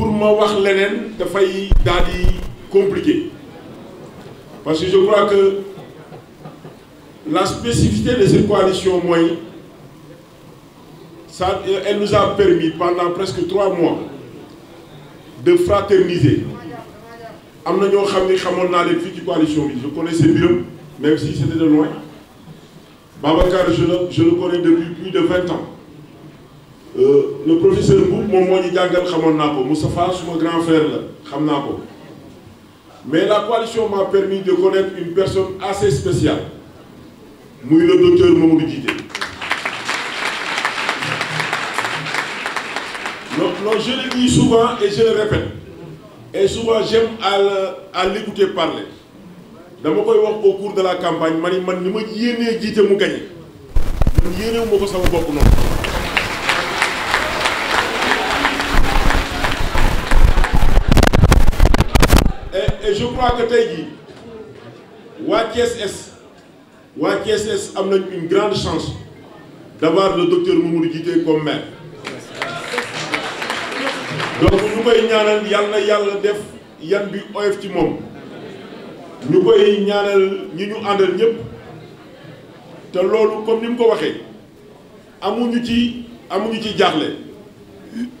pour ma wax leneen dafay daal di compliqué parce que je crois que la spécificité de cette coalition mooy ça euh, elle nous a permis pendant presque trois mois de fraterniser am na ñoo xam ni xamoon naa leen fii ci coalition bi je connaissais Birame même si c'était de loin Babacar je le je le connais depuis plus de vingt ans. Euh, le professeur Mboup moom moo ñu jàngal xamoon naa ko Moustapha suma grand frère la xam naa ko mais la coalition m'a permis de connaître une personne assez spéciale muy le docteur Mamadou Djité non non je le dis souvent et je le et souvent j'aime à à parler dama koy wax au cours de la campagne ma ni man ni ma yéenee jiite mu gañe man yéenewu ko sama bopp noonu et je crois que tey jii waa TSS waa TSS am nañ une grande chance d'avoir le docteur Mamadou Djité comme maire donc ñu koy ñaanal yàlla yàlla def yan bi oyof ci moom ñu koy ñaanal ñi ñu àndal ñëpp te loolu comme ni mu ko waxee amuñu ci amuñu ci jaaxle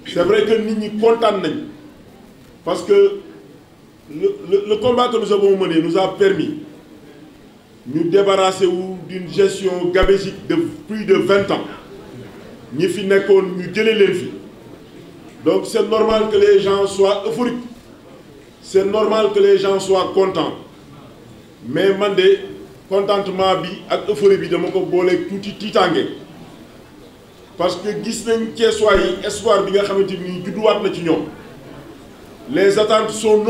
c'est vrai que nit ñi kontaan nañ parce le, le, le combat que nous avons mené nous a permis ñu débarrasser wu d'une gestion gabégique de plus de vingt ans ñi fi nekkoon ñu jëlee leen fi donc seen normal que les gens soient euphoriques c'est normal que les gens soient contents mais man de contentement bi ak euphorie bi dama ko booleeg tuuti tiitaange parce que gis nañ Ceesuwaay yi espoir bi nga xamante ni judduwaat na ci ñoom les attentes sont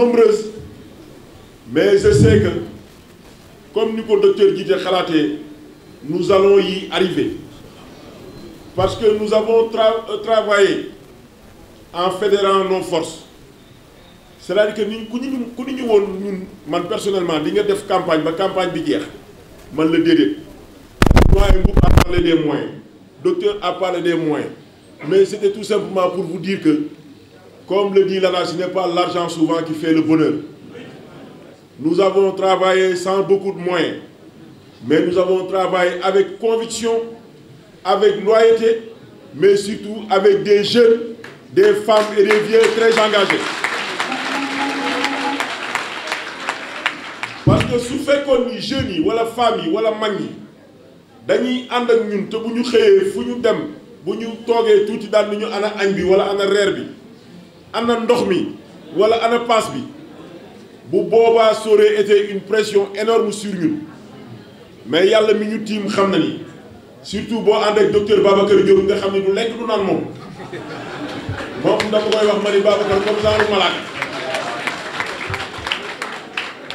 mais je sais que comme ni ko docteur Djité xalaate nous allons yi arriver parce que nous avons tra euh, travaillé en fédérant no forces c'est-à-dire que ni ku ñu ku ñu woon ñun man personnellement di nga def campagne ba campagne bi jeex man la déedéet doyen Mboup a parlé des moyens docteur a parlé des moyens mais c'était tout simplement pour vous dire que comme le dit Lala, ce n'est pas l'argent souvent qui fait le bonheur Nous avons travaillé sans beaucoup de moyens, mais nous avons travaillé avec conviction, avec loyauté, mais surtout avec des jeunes, des femmes et des vieux très engagés. Parce que su fekkoon ni jeunes yi wala femmes yi wala mag yi dañuy ànd ak ñun te bu ñu xëyee fu ñu dem bu ñu toogee tuuti daal ni ñu ana añ bi wala ana reer bi ana ndox mi wala ana paas bi bu boobaa sore aurait été une pression énorme sur ñun mais yàlla mi ñu tiim xam na ni surtout boo ànd ak docteur Babacar Diop nga xam ne du lekk du naan moom moom dama koy wax ma ni Babacar comme genre malaaka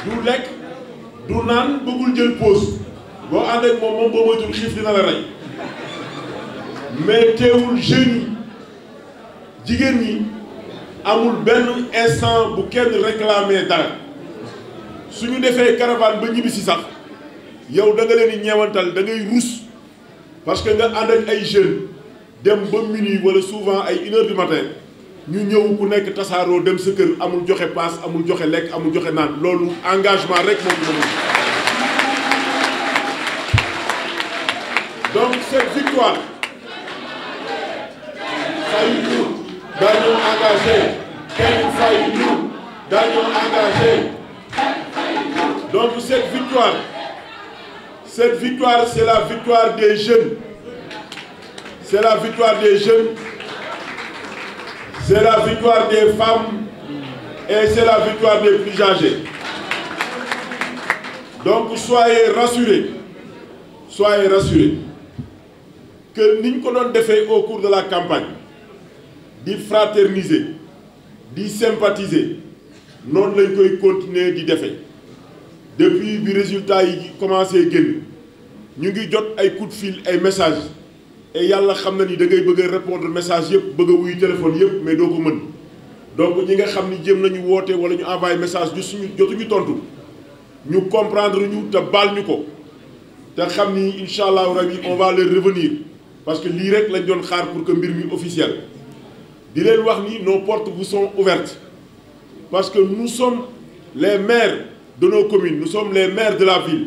du lekk du naan bëggul jël pause boo ànd ak moom moom boo moytul xiif dina la rey mais teewul jigéen ñi amul benn instant bu kenn réclamer dara su ñu defee caravane ba ñibbi si sax yow da nga leen di ñeewantal da ngay ruus parce que nga ànd ay jeunes dem ba minuit wala souvent ay une ñu ñëw ku nekk tasaaroo dem sa kër amul joxe paas amul joxe lekk amul joxe naan loolu engagement rek moom la ñu. donc cette victoire fayu ñu dañoo engagé kenn fayu ñu dañoo Donc cette victoire, cette victoire, c'est la victoire des jeunes. C'est la victoire des jeunes. C'est la victoire des femmes. Et c'est la victoire des plus âgés. Donc soyez rassurés. Soyez rassurés. Que ko avons defee au cours de la campagne, d'y di d'y sympathiser, lañ koy continuer di défaire. depuis bi résultat yi commencé génn ñu ngi jot ay coup de ay message et yàlla xam na ni da ngay bëgg a répondre message yëpp bëgg a wuyu téléphone yëpp mais doo ko mën donc ñi nga xam ni jéem nañu woote wala ñu envoyé message du suñu jotuñu tontu ñu comprendre ñu te baal ñu ko te xam ni incha allahu rabi on va leur revenir parce que lii rek lañ doon xaar pour que mbir mi officiel di leen wax ni nos portes bu sont ouverte parce que nous sommes les maires de nos communes nous sommes les maires de la ville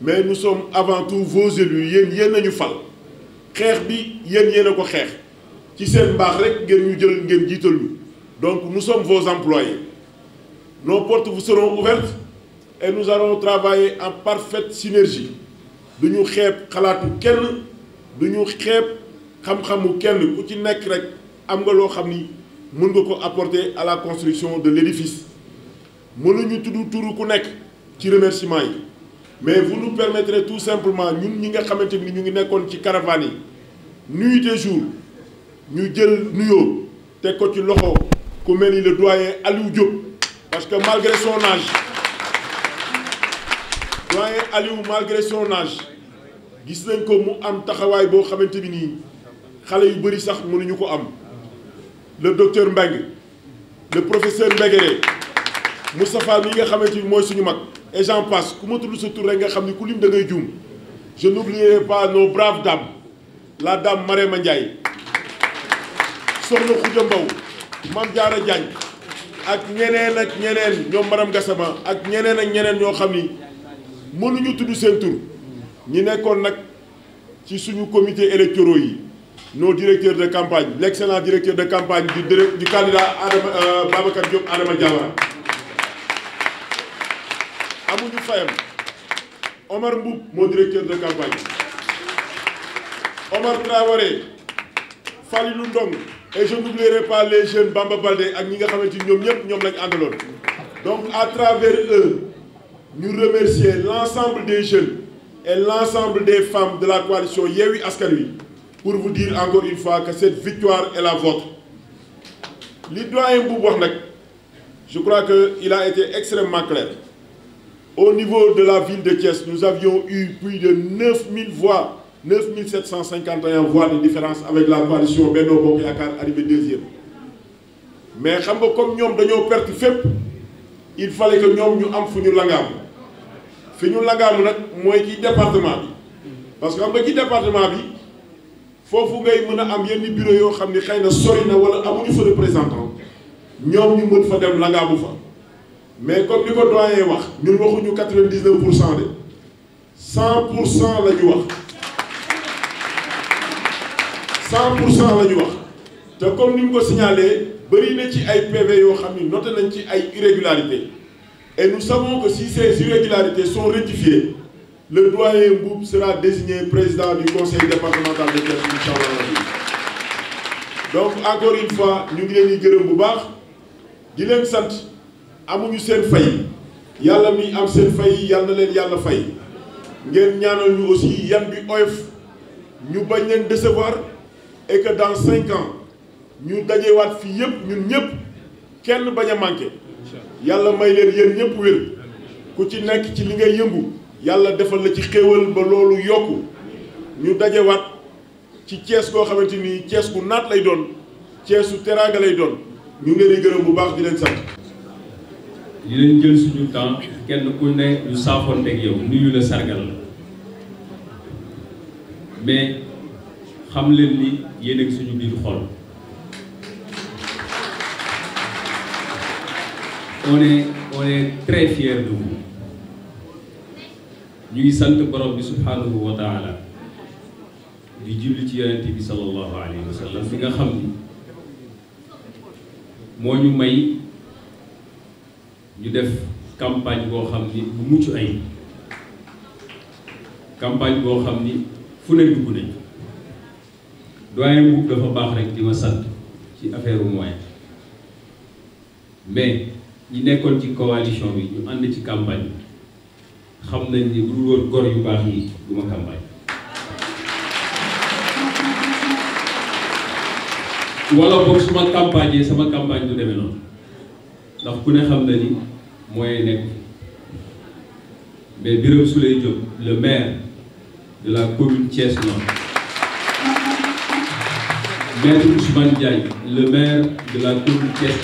mais nous sommes avant tout vos élus yéen yéen nañu fal xeex bi yéen yéen a ko xeex ci seen mbaax rek ngeen ñu jël ngeen jiital ñu donc nous sommes vos employés nos portes vous seront ouvertes et nous allons travailler en parfaite synergie du ñu xeeb xalaatu kenn du ñu xeeb xam-xamu kenn ku ci nekk rek am nga loo xam ni mun nga ko apporter à la construction de l'édifice mënuñu tudd turu ku nekk ci remerciement yi mais vous nous permettrez tout simplement ñun ñi nga xamante ni ñu ngi nekkoon ci caravane yi nuit et jour ñu jël nuyoo teg ko ci loxo ku mel ni le doyen Aliou Diop parce que malgré son âge doyen Aliou malgré son gis nañ ko mu am taxawaay boo xamante bi nii xale yu bëri sax mënuñu ko am le docteur Mbengue le professeur Mbegere Moustapha mi nga xamante ni mooy suñu mag et j'en passe ku ma tudd sa tur rek nga xam ni ku lim da ngay juum je n'oublierai pas nos braves dames la dame Marème Ndiaye soxna Khoudia Mbow Mame Diarra Diagne ak ñeneen ak ñeneen ñoom madame Gassama ak ñeneen ak ñeneen yoo xam ni mënuñu tudd seen tur ñi nekkoon nag ci suñu comité électoraux yi nos directeurs de campagne l'excellent directeur de campagne du du candidat Adama euh, Babacar Diop Adama Diawara amuñu fayam Omar Mboup moo directeur de campagne Omar Traoré Falilou Ndong et je n'oublierai pas les jeunes Bamba Baldé ak ñi nga xamante ni ñoom ñëpp ñoom lañu àndaloon donc à travers eux ñu remercier l'ensemble des jeunes et l'ensemble des femmes de la coalition Yewwi Askan Wi pour vous dire encore une fois que cette victoire et la vôtre li doyen Mboup wax nag je crois que il a été extrêmement clair Au niveau de la ville de Thiès, nous avions u plus de 9000 voix, 9751 voix de différence avec la coalition Benno Bokk Yaakaar arrivé deuxième. mais xam nga comme ñoom dañoo perte fépp il fallait que ñoom ñu am fu ñu langaam fi ñu langaam nag mooy ci département bi parce que xam nga ci département bi foofu ngay mën a am yenn bureau yoo xam ni xëy na sori na wala amuñu fa représentant ñoom ñu mën fa dem langaamu fa. mais comme ni ko doyen wax ñun waxuñu quatre vingt dix neuf pour cent de cent pour cent la ñu wax cent pour cent la wax te comme ni mu ko signalé bëri na ci ay PV yoo xam ni noté nañ ci ay irrégularités et nous savons que si soo irrégularités sont rectifiées le doyen Mboup sera désigné président du conseil départemental de Thiès inchallah donc encore une fois ñu ngi leen di gërëm bu baax di leen sant. amuñu seen fay yàlla mi am seen fay yàlla leen yàlla fay ngeen ñaanal ñu aussi yan bi oyof ñu bañ leen décevoir et que dans cinq ñu dajewaat fii yëpp ñun ñëpp kenn bañ a manqué yàlla may leen yéen ñëpp wér ku ci nekk ci li ngay yëngu yàlla defal la ci xéewal ba loolu yokku ñu dajewaat ci Cees koo xamante ni Cees ku naat lay doon Ceesu teraanga lay doon ñu ngi leen di gërëm bu baax di leen sant dinañ jël suñu temps kenn ku ne ñu saafoonteeg yow nuyu la sargal mais xam leen ni yéen ak suñu biir xol on est on est très fiers de ngi sant borom bi subhanahu wa taala di julli ci yonent bi sallallahu alayhi wa nga xam ni moo ñu may ñu def campagne boo xam ni bu mucc ay campagne boo xam ni fu ne dugg nañ doyen bu dafa baax rek di ma sant ci affaire moyen mais ñi nekkoon ci coalition bi ñu ànd ci campagne xam nañ ni bu dul gor yu baax yi du ma campagne boog suma campagne sama campagne du demee noonu ndax ku ne xam na ni nekk mais Birame Souleye Diop le maire de la commune Thiès Nord maître Ousmane le maire de la commune Thiès Est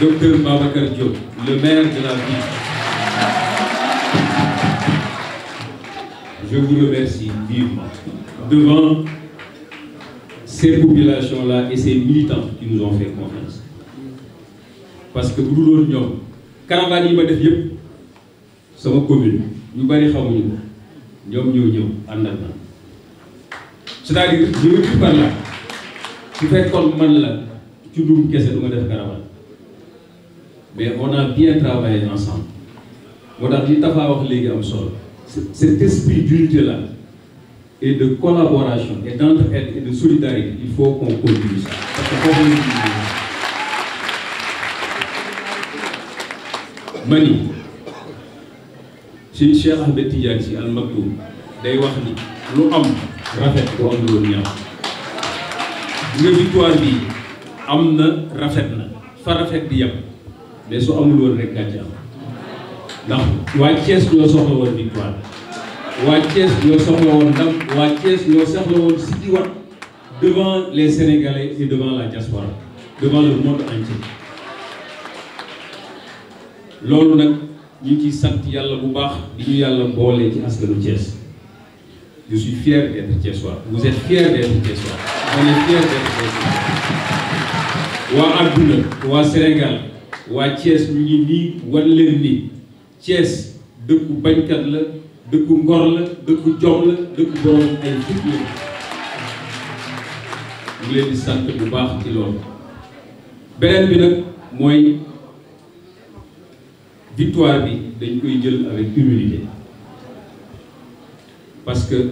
docteur Babacar Diop le maire de la ville je vous remercie vivement devant ces populations-là et ces militants qui nous ont fait confiance parce que bu dul woon ñoom caravane yi ma def yëpp sama commune ñu bari xamuñu ko ñoom ñëw àndal na c'est-à-dire je veux dire par man la ci dugub kese du ma def caravane mais on a bien travaillé ensemble moo tax li Tafa wax léegi am solo cet esprit d'unité là et de collaboration et d'entraide et de solidarité il faut qu'on continue ça parce que ma ni suñ Cheikh Ahmed Tidiane Sy Al day wax ni lu am rafet du am lu woon ñaaw nga victoire bi am na rafet na fa rafet di yem mais su amul rek gàcce am ndax waa Thiès ñoo soxla woon victoire waa Thiès ñoo soxla woon ndam waa Thiès ñoo soxla woon si wat devant les Sénégalais et devant la diaspora devant le monde entier loolu nag ñu ngi ciy sant yàlla bu baax di ñu yàlla boole ci askanu Thiès je suis fier d'être Thiessois vous êtes fier d'être Thiessois on est fier d'être waa adduna waa Sénégal waa Thiès ñu ngi nii wan leen ni Thiès dëkku bañkat la dëkku ngor la dëkku jom la dëkku borom ay fit leen di sant bu baax ci loolu beneen bi nag mooy victoire bi dañ koy jël avec humilité parce que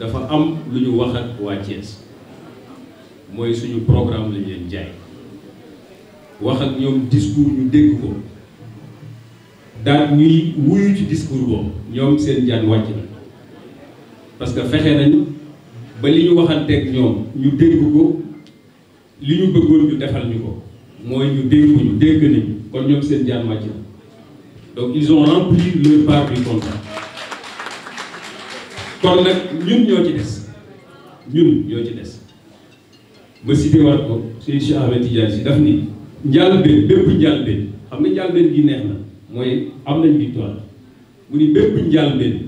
dafa am lu ñu wax ak waa mooy suñu programme la ñu leen jaay wax ak ñoom discours ñu dégg ko daal ñuy wuyu ci discours boobu ñoom seen jaan wàcc na parce que fexe nañu ba li ñu waxanteeg ñoom ñu dégg ko li ñu bëggoon ñu defal ñu ko mooy ñu dégg dégg nañu kon ñoom seen jaan wàcc na donc ils ont rempli leur part du contrat kon nag ñun ñoo ci des ñun ñoo ci des ma cité waat ko suñu Cheikh Ahmed Tidiane si daf ni njàlbeen bépp njàlbeen xam nga njàlbeen gi neex na mooy am nañ victoire mu ni bépp njàlbeen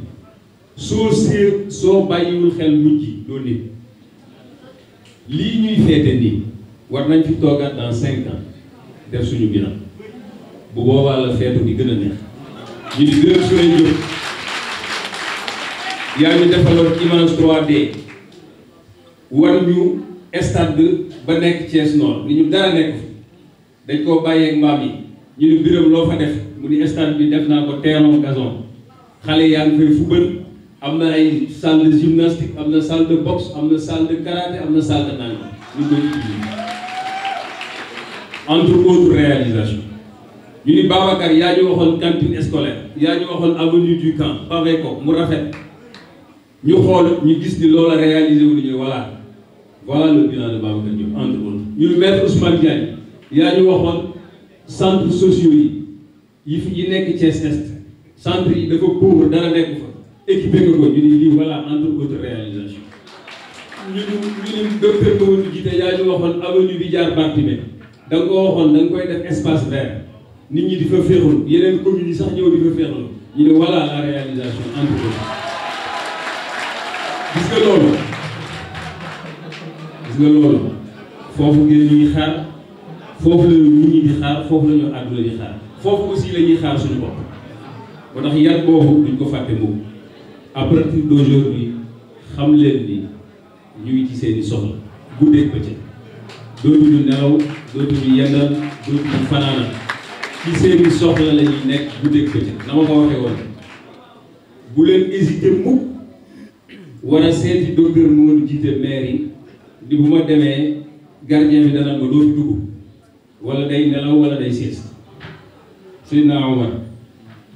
soo séer soo bàyyiwul xel mujj doo nit lii ñuy feete nii war nañ fi toogaat dans cinq ans def suñu bilan bu boobaa la feetu di gën a neex ñu di gërëm su lay jóg yaa ñu defaloon image 3D war ñu stade ba nekk Thiès Nord li ñu dara nekk dañ koo bàyyeeg mbaam yi ñu ni biram loo fa def mu ni stade bi def naa ko terrain gazon xale yaa ngi fay fubal am na ay salle de gymnastique am na salle de am na salle de karaté am na salle de naan ñu koy utiliser entre autres réalisations ñu ni Babacar yaa ñu waxoon cantine scolaire yaa ñu waxoon avenue du camp pavé ko mu rafet ñu xool ñu gis ni loola réaliser wu ñu voilà voilà le bilan de Babacar Diop entre autres ñu maître Ousmane Diagne yaa ñu waxoon centres sociaux yi yi fi yi nekk Thiès Est centre yi dafa pauvre dara nekk fa équipé nga ko ñu ne lii voilà entre autres réalisation ñu ñu ne docteur Mamadou yaa ñu waxoon avenue bi jaar Barthélemy da ko waxoon da koy def espace vert nit ñi di féexlu yeneen communes yi sax ñëw di fa féexlu ñu ne voilà réalisation entre autres gis nga loolu gis nga loolu foofu ngeen ñuy xaar foofu la ñu nit ñi di xaar foofu la ñu di xaar foofu aussi la ñuy xaar suñu bopp ba tax yar boobu duñ ko fàtte moom à partir d'aujourd'hui xam leen ni ñu ci seen i soxla guddeeg bëccëg dootuñu nelaw dootuñu yendal dootuñu fanaanal ci seen i soxla la nekk guddeeg bëccëg na ko waxee bu leen hésité mukk war seeti docteur mu jiite maire yi di bu ma demee gardien bi dana ma doo fi dugg wala day nelaw wala day sieste Seydina Omar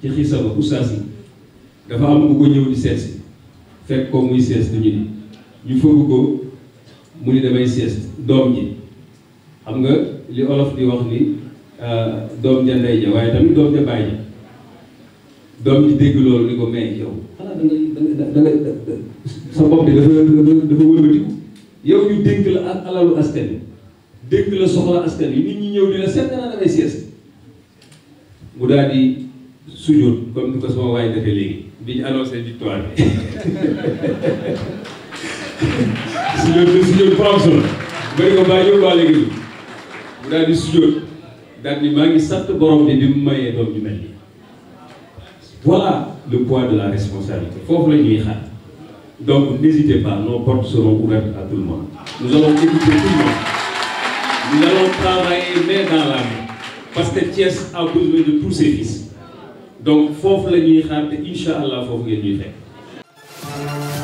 ci xiisa ba ustaas yi dafa am ku ko ñëw di seet si fekk ko muy sees du ñu ni ñu fëgg ko mu ni damay sees doom ji xam nga li olof di wax ni ah, doom ja ja waaye tamit doom ja baay ja doom ji dégg loolu ni ko may yow xanaa da nga da nga sa bopp bi dafa dafa wëlbatiku yow ñu dénk la ak alalu sees mu daal di sujjóot comme ni ko sama waay defee léegi bi ñu annoncé victoire bi bi sujjóot bu solo bëri ko bàyyi yóbbu waa léegi mu daal di maa ngi sant borom bi bi mu mayee doom ju mel nii voilà de la responsabilité foofu la ñuy donc n'hésitez pas nos portes seront ouvertes à tout le monde nous allons écouter tout le monde nous allons travailler parce que Thiès a besoin de tous ses donc foofu la ñuy xaar te incha allah foofu ngeen ñuy fekk.